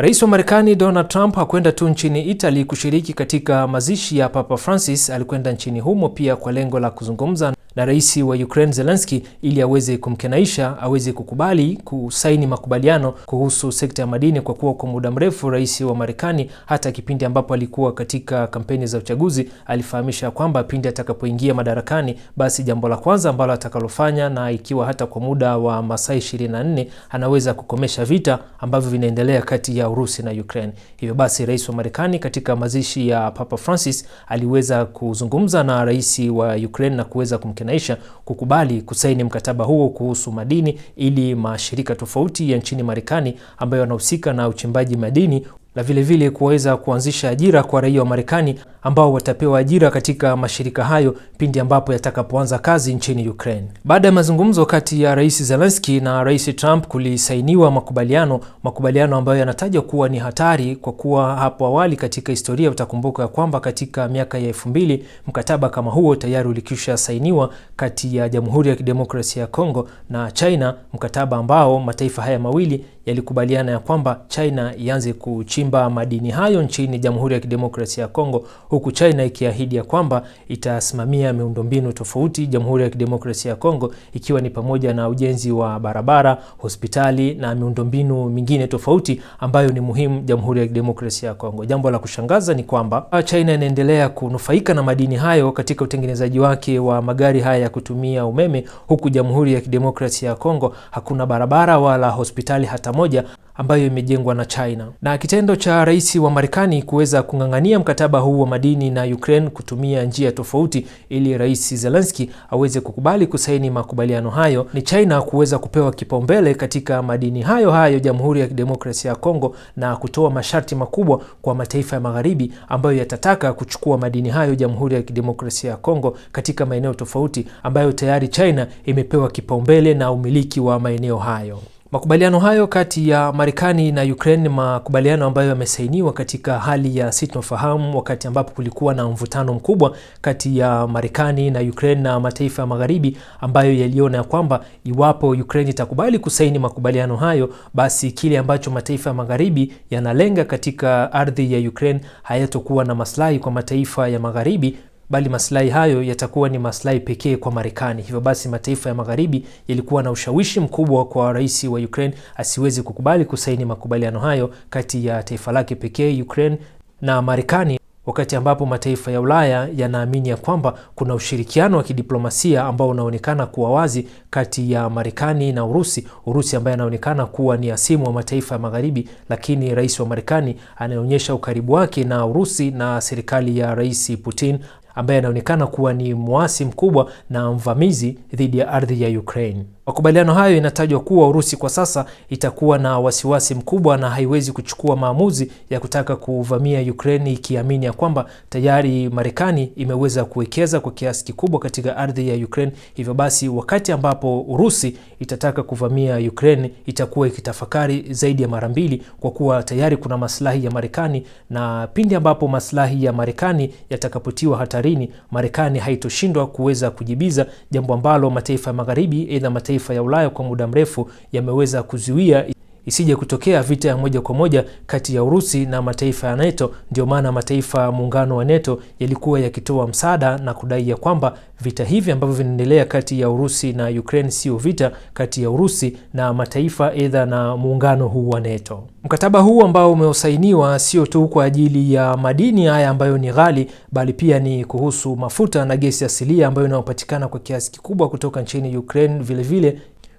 Rais wa Marekani Donald Trump hakwenda tu nchini Italy kushiriki katika mazishi ya Papa Francis, alikwenda nchini humo pia kwa lengo la kuzungumza na rais wa Ukraine Zelensky ili aweze kumkenaisha aweze kukubali kusaini makubaliano kuhusu sekta ya madini, kwa kuwa kwa muda mrefu rais wa Marekani hata kipindi ambapo alikuwa katika kampeni za uchaguzi alifahamisha kwamba pindi atakapoingia madarakani, basi jambo la kwanza ambalo atakalofanya na ikiwa hata kwa muda wa masaa 24 anaweza kukomesha vita ambavyo vinaendelea kati ya Urusi na Ukraine. Hivyo basi rais wa Marekani katika mazishi ya Papa Francis aliweza kuzungumza na rais wa Ukraine na kuweza kumkenaisha Naisha kukubali kusaini mkataba huo kuhusu madini ili mashirika tofauti ya nchini Marekani ambayo yanahusika na uchimbaji madini na vilevile kuweza kuanzisha ajira kwa raia wa Marekani ambao watapewa ajira katika mashirika hayo pindi ambapo yatakapoanza kazi nchini Ukraine. Baada ya mazungumzo kati ya Rais Zelensky na Rais Trump, kulisainiwa makubaliano, makubaliano ambayo yanataja kuwa ni hatari kwa kuwa hapo awali katika historia utakumbuka ya kwamba katika miaka ya 2000 mkataba kama huo tayari ulikisha sainiwa kati ya Jamhuri ya Kidemokrasia ya Kongo na China, mkataba ambao mataifa haya mawili yalikubaliana ya kwamba China ianze kuchimba madini hayo nchini Jamhuri ya Kidemokrasia ya Kongo huku China ikiahidi ya kwamba itasimamia miundombinu tofauti Jamhuri ya Kidemokrasia ya Kongo, ikiwa ni pamoja na ujenzi wa barabara, hospitali na miundombinu mingine tofauti ambayo ni muhimu Jamhuri ya Kidemokrasia ya Kongo. Jambo la kushangaza ni kwamba China inaendelea kunufaika na madini hayo katika utengenezaji wake wa magari haya ya kutumia umeme, huku Jamhuri ya Kidemokrasia ya Kongo hakuna barabara wala hospitali hata moja ambayo imejengwa na China. Na kitendo cha rais wa Marekani kuweza kung'ang'ania mkataba huu wa madini na Ukraine kutumia njia tofauti ili Rais Zelensky aweze kukubali kusaini makubaliano hayo ni China kuweza kupewa kipaumbele katika madini hayo hayo Jamhuri ya Kidemokrasia ya Kongo na kutoa masharti makubwa kwa mataifa ya magharibi ambayo yatataka kuchukua madini hayo Jamhuri ya Kidemokrasia ya Kongo katika maeneo tofauti ambayo tayari China imepewa kipaumbele na umiliki wa maeneo hayo. Makubaliano hayo kati ya Marekani na Ukraine ni makubaliano ambayo yamesainiwa katika hali ya sitofahamu, wakati ambapo kulikuwa na mvutano mkubwa kati ya Marekani na Ukraine na mataifa ya magharibi ambayo yaliona ya kwamba iwapo Ukraine itakubali kusaini makubaliano hayo, basi kile ambacho mataifa ya magharibi yanalenga katika ardhi ya Ukraine hayatokuwa na maslahi kwa mataifa ya magharibi bali maslahi hayo yatakuwa ni maslahi pekee kwa Marekani. Hivyo basi mataifa ya magharibi yalikuwa na ushawishi mkubwa kwa rais wa Ukraine asiwezi kukubali kusaini makubaliano hayo kati ya taifa lake pekee Ukraine na Marekani, wakati ambapo mataifa ya Ulaya yanaamini ya kwamba kuna ushirikiano wa kidiplomasia ambao unaonekana kuwa wazi kati ya Marekani na Urusi. Urusi ambaye anaonekana kuwa ni hasimu wa mataifa ya magharibi, lakini rais wa Marekani anaonyesha ukaribu wake na Urusi na serikali ya Rais Putin ambaye anaonekana kuwa ni mwasi mkubwa na mvamizi dhidi ya ardhi ya Ukraine. Makubaliano hayo inatajwa kuwa Urusi kwa sasa itakuwa na wasiwasi mkubwa na haiwezi kuchukua maamuzi ya kutaka kuvamia Ukraine ikiamini ya kwamba tayari Marekani imeweza kuwekeza kwa kiasi kikubwa katika ardhi ya Ukraine. Hivyo basi, wakati ambapo Urusi itataka kuvamia Ukraine itakuwa ikitafakari zaidi ya mara mbili, kwa kuwa tayari kuna maslahi ya Marekani, na pindi ambapo maslahi ya Marekani yatakapotiwa hatarini, Marekani haitoshindwa kuweza kujibiza, jambo ambalo mataifa ya magharibi, aidha mataifa mataifa ya Ulaya kwa muda mrefu yameweza kuzuia isije kutokea vita ya moja kwa moja kati ya Urusi na mataifa ya NATO. Ndio maana mataifa ya muungano wa NATO yalikuwa yakitoa msaada na kudai ya kwamba vita hivi ambavyo vinaendelea kati ya Urusi na Ukraine sio vita kati ya Urusi na mataifa edha na muungano huu wa NATO. Mkataba huu ambao umeosainiwa sio tu kwa ajili ya madini haya ambayo ni ghali, bali pia ni kuhusu mafuta na gesi asilia ambayo inayopatikana kwa kiasi kikubwa kutoka nchini Ukraine vilevile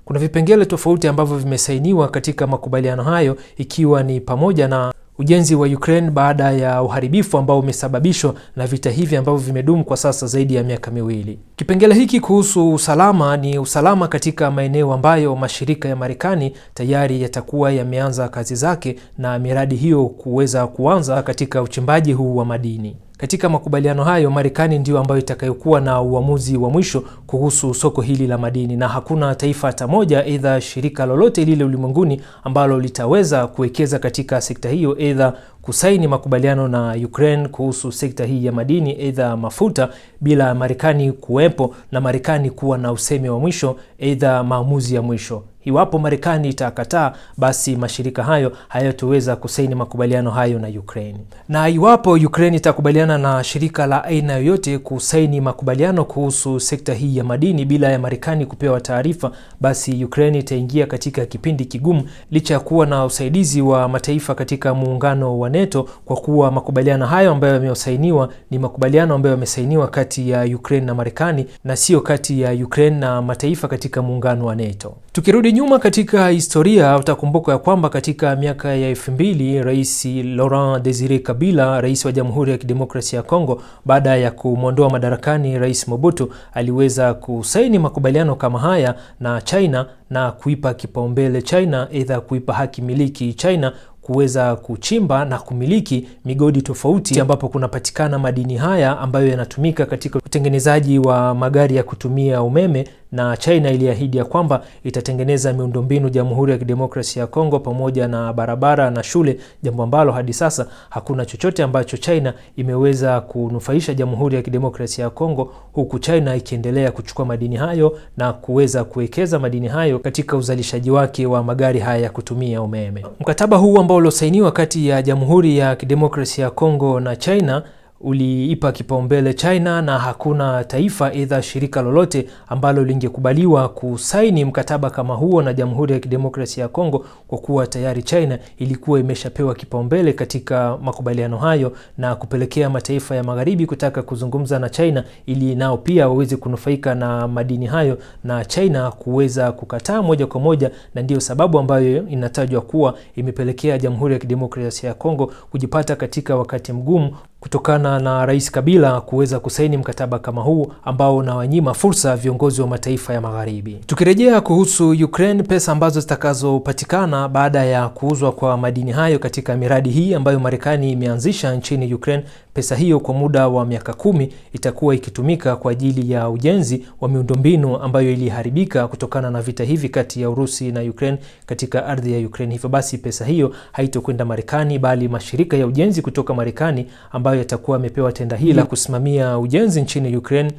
kuna vipengele tofauti ambavyo vimesainiwa katika makubaliano hayo ikiwa ni pamoja na ujenzi wa Ukraine baada ya uharibifu ambao umesababishwa na vita hivi ambavyo vimedumu kwa sasa zaidi ya miaka miwili. Kipengele hiki kuhusu usalama ni usalama katika maeneo ambayo mashirika ya Marekani tayari yatakuwa yameanza kazi zake na miradi hiyo kuweza kuanza katika uchimbaji huu wa madini. Katika makubaliano hayo, Marekani ndiyo ambayo itakayokuwa na uamuzi wa mwisho kuhusu soko hili la madini, na hakuna taifa hata moja, aidha shirika lolote lile ulimwenguni ambalo litaweza kuwekeza katika sekta hiyo, aidha kusaini makubaliano na Ukraine kuhusu sekta hii ya madini aidha mafuta bila Marekani kuwepo na Marekani kuwa na usemi wa mwisho aidha maamuzi ya mwisho. Iwapo Marekani itakataa, basi mashirika hayo hayatoweza kusaini makubaliano hayo na Ukraine. Na iwapo Ukraine itakubaliana na shirika la aina yoyote kusaini makubaliano kuhusu sekta hii ya madini bila ya Marekani kupewa taarifa, basi Ukraine itaingia katika kipindi kigumu, licha ya kuwa na usaidizi wa mataifa katika muungano wa NATO kwa kuwa makubaliano hayo ambayo yamesainiwa ni makubaliano ambayo yamesainiwa kati ya Ukraine na Marekani na sio kati ya Ukraine na mataifa katika muungano wa NATO. Tukirudi nyuma katika historia, utakumbuka ya kwamba katika miaka ya elfu mbili Rais Laurent Desire Kabila, rais wa Jamhuri ya Kidemokrasia ya Kongo, baada ya kumwondoa madarakani Rais Mobutu, aliweza kusaini makubaliano kama haya na China na kuipa kipaumbele China, aidha kuipa haki miliki China kuweza kuchimba na kumiliki migodi tofauti ambapo kunapatikana madini haya ambayo yanatumika katika utengenezaji wa magari ya kutumia umeme na China iliahidi ya kwamba itatengeneza miundombinu Jamhuri ya Kidemokrasia ya Kongo pamoja na barabara na shule, jambo ambalo hadi sasa hakuna chochote ambacho China imeweza kunufaisha Jamhuri ya Kidemokrasia ya Kongo, huku China ikiendelea kuchukua madini hayo na kuweza kuwekeza madini hayo katika uzalishaji wake wa magari haya ya kutumia umeme. Mkataba huu ambao uliosainiwa kati ya Jamhuri ya Kidemokrasia ya Kongo na China uliipa kipaumbele China na hakuna taifa idha shirika lolote ambalo lingekubaliwa kusaini mkataba kama huo na Jamhuri ya Kidemokrasia ya Kongo, kwa kuwa tayari China ilikuwa imeshapewa kipaumbele katika makubaliano hayo, na kupelekea mataifa ya magharibi kutaka kuzungumza na China ili nao pia waweze kunufaika na madini hayo, na China kuweza kukataa moja kwa moja, na ndiyo sababu ambayo inatajwa kuwa imepelekea Jamhuri ya Kidemokrasia ya Kongo kujipata katika wakati mgumu kutokana na Rais Kabila kuweza kusaini mkataba kama huu ambao unawanyima fursa viongozi wa mataifa ya magharibi. Tukirejea kuhusu Ukraine, pesa ambazo zitakazopatikana baada ya kuuzwa kwa madini hayo katika miradi hii ambayo Marekani imeanzisha nchini Ukraine, pesa hiyo kwa muda wa miaka kumi itakuwa ikitumika kwa ajili ya ujenzi wa miundombinu ambayo iliharibika kutokana na vita hivi kati ya Urusi na Ukraine katika ardhi ya Ukraine. Hivyo basi pesa hiyo haitokwenda Marekani bali mashirika ya ujenzi kutoka Marekani ambayo yatakuwa yamepewa tenda hii la kusimamia ujenzi nchini Ukraine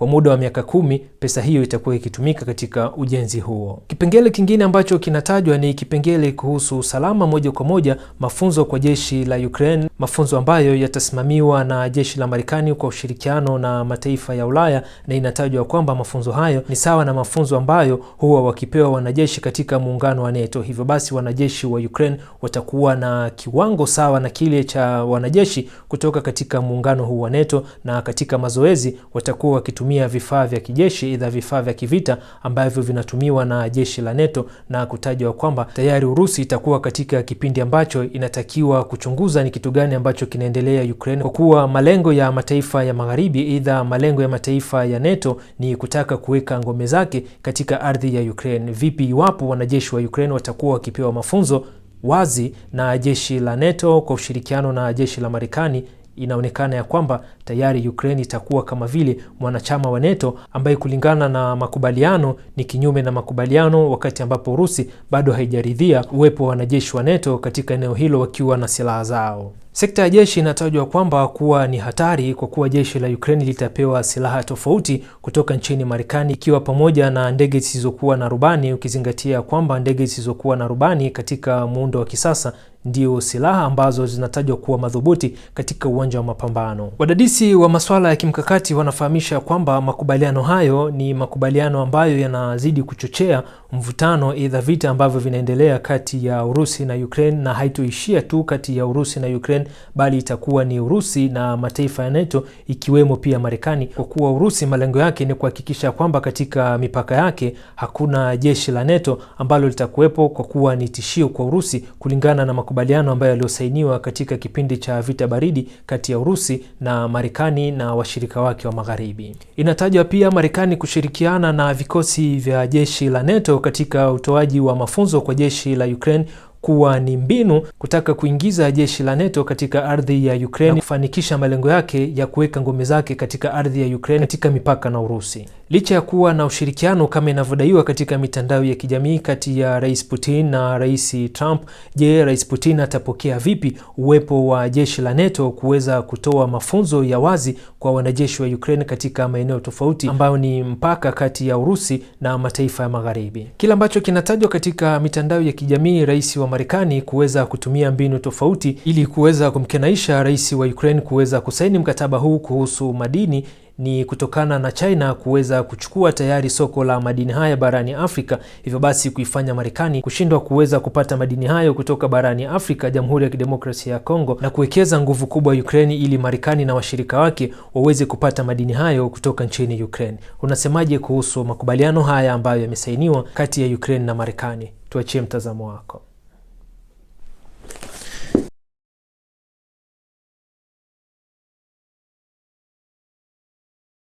kwa muda wa miaka kumi, pesa hiyo itakuwa ikitumika katika ujenzi huo. Kipengele kingine ambacho kinatajwa ni kipengele kuhusu usalama moja kwa moja, mafunzo kwa jeshi la Ukraine, mafunzo ambayo yatasimamiwa na jeshi la Marekani kwa ushirikiano na mataifa ya Ulaya, na inatajwa kwamba mafunzo hayo ni sawa na mafunzo ambayo huwa wakipewa wanajeshi katika muungano wa NATO. Hivyo basi, wanajeshi wa Ukraine watakuwa na kiwango sawa na kile cha wanajeshi kutoka katika muungano huu wa NATO, na katika mazoezi watakuwa wakitumia kutumia vifaa vya kijeshi, idha vifaa vya kivita ambavyo vinatumiwa na jeshi la NATO na kutajwa kwamba tayari Urusi itakuwa katika kipindi ambacho inatakiwa kuchunguza ni kitu gani ambacho kinaendelea Ukraine, kwa kuwa malengo ya mataifa ya magharibi, idha malengo ya mataifa ya NATO ni kutaka kuweka ngome zake katika ardhi ya Ukraine. Vipi iwapo wanajeshi wa Ukraine watakuwa wakipewa mafunzo wazi na jeshi la NATO kwa ushirikiano na jeshi la Marekani inaonekana ya kwamba tayari Ukraine itakuwa kama vile mwanachama wa NATO ambaye kulingana na makubaliano ni kinyume na makubaliano, wakati ambapo Urusi bado haijaridhia uwepo wa wanajeshi wa NATO katika eneo hilo wakiwa na silaha zao. Sekta ya jeshi inatajwa kwamba kuwa ni hatari kwa kuwa jeshi la Ukraine litapewa silaha tofauti kutoka nchini Marekani, ikiwa pamoja na ndege zisizokuwa na rubani, ukizingatia kwamba ndege zisizokuwa na rubani katika muundo wa kisasa ndio silaha ambazo zinatajwa kuwa madhubuti katika uwanja wa mapambano. Wadadisi wa masuala ya kimkakati wanafahamisha kwamba makubaliano hayo ni makubaliano ambayo yanazidi kuchochea mvutano, aidha vita ambavyo vinaendelea kati ya Urusi na Ukraine, na haitoishia tu kati ya Urusi na Ukraine, bali itakuwa ni Urusi na mataifa ya NATO ikiwemo pia Marekani, kwa kuwa Urusi malengo yake ni kuhakikisha kwamba katika mipaka yake hakuna jeshi la NATO ambalo litakuwepo, kwa kuwa ni tishio kwa Urusi kulingana na makubaliano ambayo yaliyosainiwa katika kipindi cha vita baridi kati ya Urusi na Marekani na washirika wake wa Magharibi. Inatajwa pia Marekani kushirikiana na vikosi vya jeshi la NATO katika utoaji wa mafunzo kwa jeshi la Ukraine kuwa ni mbinu kutaka kuingiza jeshi la NATO katika ardhi ya Ukraine na kufanikisha malengo yake ya kuweka ngome zake katika ardhi ya Ukraine katika mipaka na Urusi. Licha ya kuwa na ushirikiano kama inavyodaiwa katika mitandao ya kijamii kati ya Rais Putin na Rais Trump, je, Rais Putin atapokea vipi uwepo wa jeshi la NATO kuweza kutoa mafunzo ya wazi kwa wanajeshi wa Ukraine katika maeneo tofauti ambayo ni mpaka kati ya Urusi na mataifa ya Magharibi? Kile ambacho kinatajwa katika mitandao ya kijamii rais wa Marekani kuweza kutumia mbinu tofauti ili kuweza kumkenaisha rais wa Ukraine kuweza kusaini mkataba huu kuhusu madini ni kutokana na China kuweza kuchukua tayari soko la madini haya barani Afrika, hivyo basi kuifanya Marekani kushindwa kuweza kupata madini hayo kutoka barani Afrika, Jamhuri ya Kidemokrasia ya Kongo, na kuwekeza nguvu kubwa Ukraine ili Marekani na washirika wake waweze kupata madini hayo kutoka nchini Ukraine. Unasemaje kuhusu makubaliano haya ambayo yamesainiwa kati ya Ukraine na Marekani? Tuachie mtazamo wako.